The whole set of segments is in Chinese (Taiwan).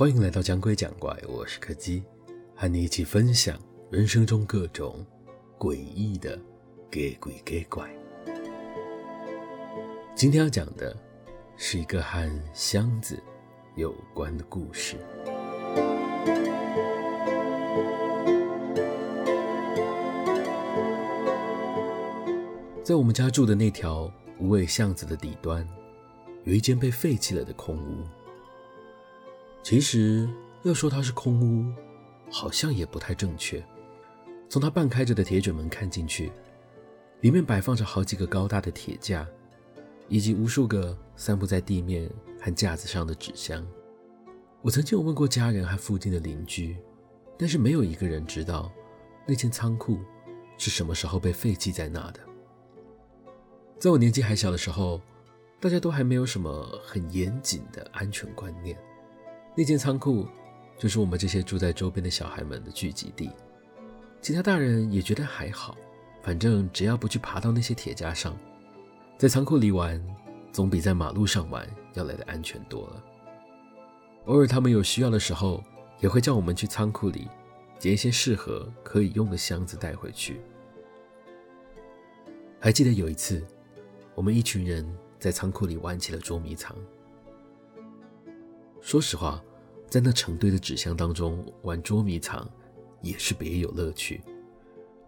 歡迎來到講鬼講怪，我是柯基，和你一起分享人生中各種詭異的給鬼給怪。今天要講的是一個和箱子有關的故事。在我們家住的那條無尾巷子的底端，有一間被廢棄了的空屋。其實要說它是空屋，好像也不太正確。從它半開着的鐵捲門看進去，裡面擺放着好幾個高大的鐵架，以及無數個散佈在地面和架子上的紙箱。我曾經有問過家人和附近的鄰居，但是沒有一個人知道那間倉庫是什麼時候被廢棄在那的。在我年紀還小的時候，大家都還沒有什麼很嚴謹的安全觀念。那間倉庫就是我們這些住在周邊的小孩們的聚集地，其他大人也覺得還好，反正只要不去爬到那些鐵架上，在倉庫裡玩總比在馬路上玩要來得安全多了。偶爾他們有需要的時候，也會叫我們去倉庫裡撿一些適合可以用的箱子帶回去。還記得有一次，我們一群人在倉庫裡玩起了捉迷藏。說實話，在那成堆的紙箱當中玩捉迷藏，也是別有樂趣。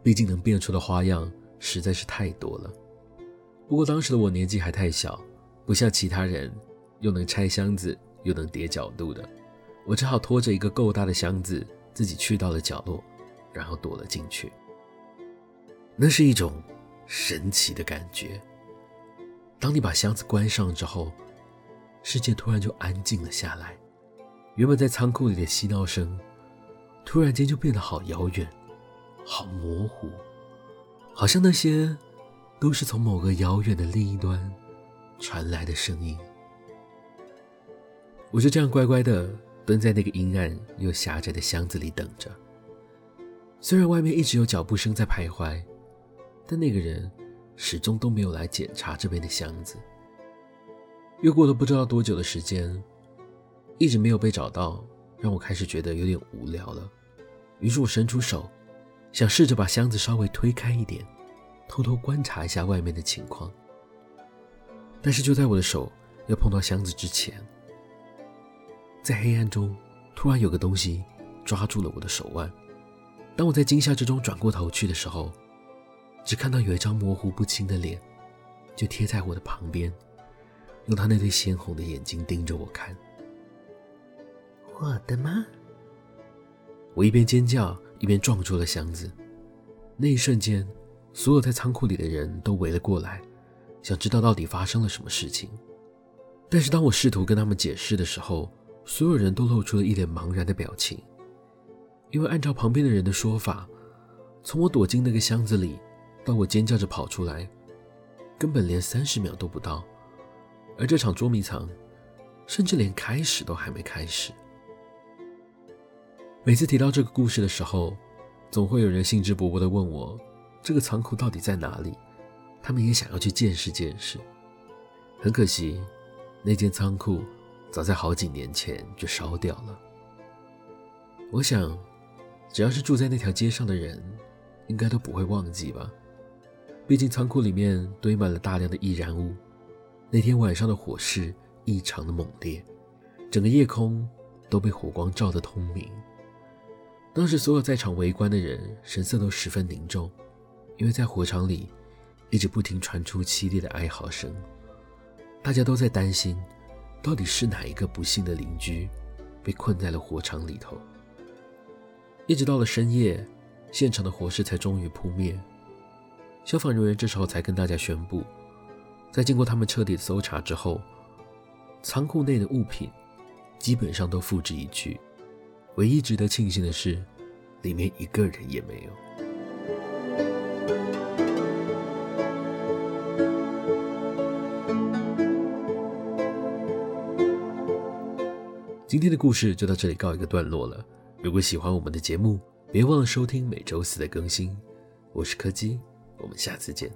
畢竟能變出的花樣實在是太多了。不過當時的我年紀還太小，不像其他人又能拆箱子又能疊角度的，我只好拖着一個夠大的箱子自己去到了角落，然後躲了進去。那是一種神奇的感覺。當你把箱子關上之後。世界突然就安靜了下來，原本在倉庫裡的嬉鬧聲，突然間就變得好遙遠，好模糊，好像那些都是從某個遙遠的另一端傳來的聲音。我就這樣乖乖地蹲在那個陰暗又狹窄的箱子裡等着。雖然外面一直有腳步聲在徘徊，但那個人始終都沒有來檢查這邊的箱子。又過了不知道多久的時間，一直沒有被找到，讓我開始覺得有點無聊了。於是我伸出手，想試着把箱子稍微推開一點，偷偷觀察一下外面的情況。但是就在我的手要碰到箱子之前，在黑暗中突然有個東西抓住了我的手腕。當我在驚嚇之中轉過頭去的時候，只看到有一張模糊不清的臉，就貼在我的旁邊。用他那對鮮紅的眼睛盯着我看，我的媽？我一邊尖叫一邊撞出了箱子。那一瞬間，所有在倉庫裡的人都圍了過來，想知道到底發生了什麼事情。但是當我試圖跟他們解釋的時候，所有人都露出了一臉茫然的表情，因為按照旁邊的人的說法，從我躲進那個箱子裡到我尖叫着跑出來，根本連三十秒都不到。而這場捉迷藏，甚至連開始都還沒開始。每次提到這個故事的時候，總會有人興致勃勃地問我：“這個倉庫到底在哪裡？”他們也想要去見識見識。很可惜，那間倉庫早在好幾年前就燒掉了。我想，只要是住在那條街上的人，應該都不會忘記吧。畢竟倉庫裡面堆滿了大量的易燃物。那天晚上的火勢異常的猛烈，整個夜空都被火光照得通明。當時所有在場圍觀的人神色都十分凝重，因為在火場裡一直不停傳出淒厲的哀嚎聲，大家都在擔心，到底是哪一個不幸的鄰居被困在了火場裡頭。一直到了深夜，現場的火勢才終於撲滅，消防人員這時候才跟大家宣布。在經過他們徹底搜查之後，倉庫內的物品基本上都付之一炬。唯一值得慶幸的是，裡面一個人也沒有。今天的故事就到這裡告一個段落了。如果喜歡我們的節目，別忘了收聽每周四的更新。我是柯基，我們下次見。